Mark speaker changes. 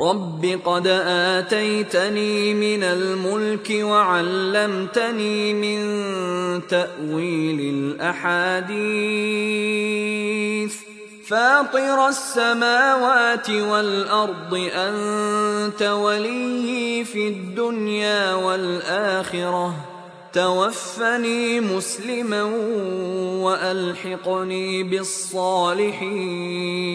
Speaker 1: رب قد آتيتني من الملك وعلمتني من تأويل الأحاديث فاطر السماوات والأرض أنت ولي في الدنيا والآخرة توفني مسلما وألحقني بالصالحين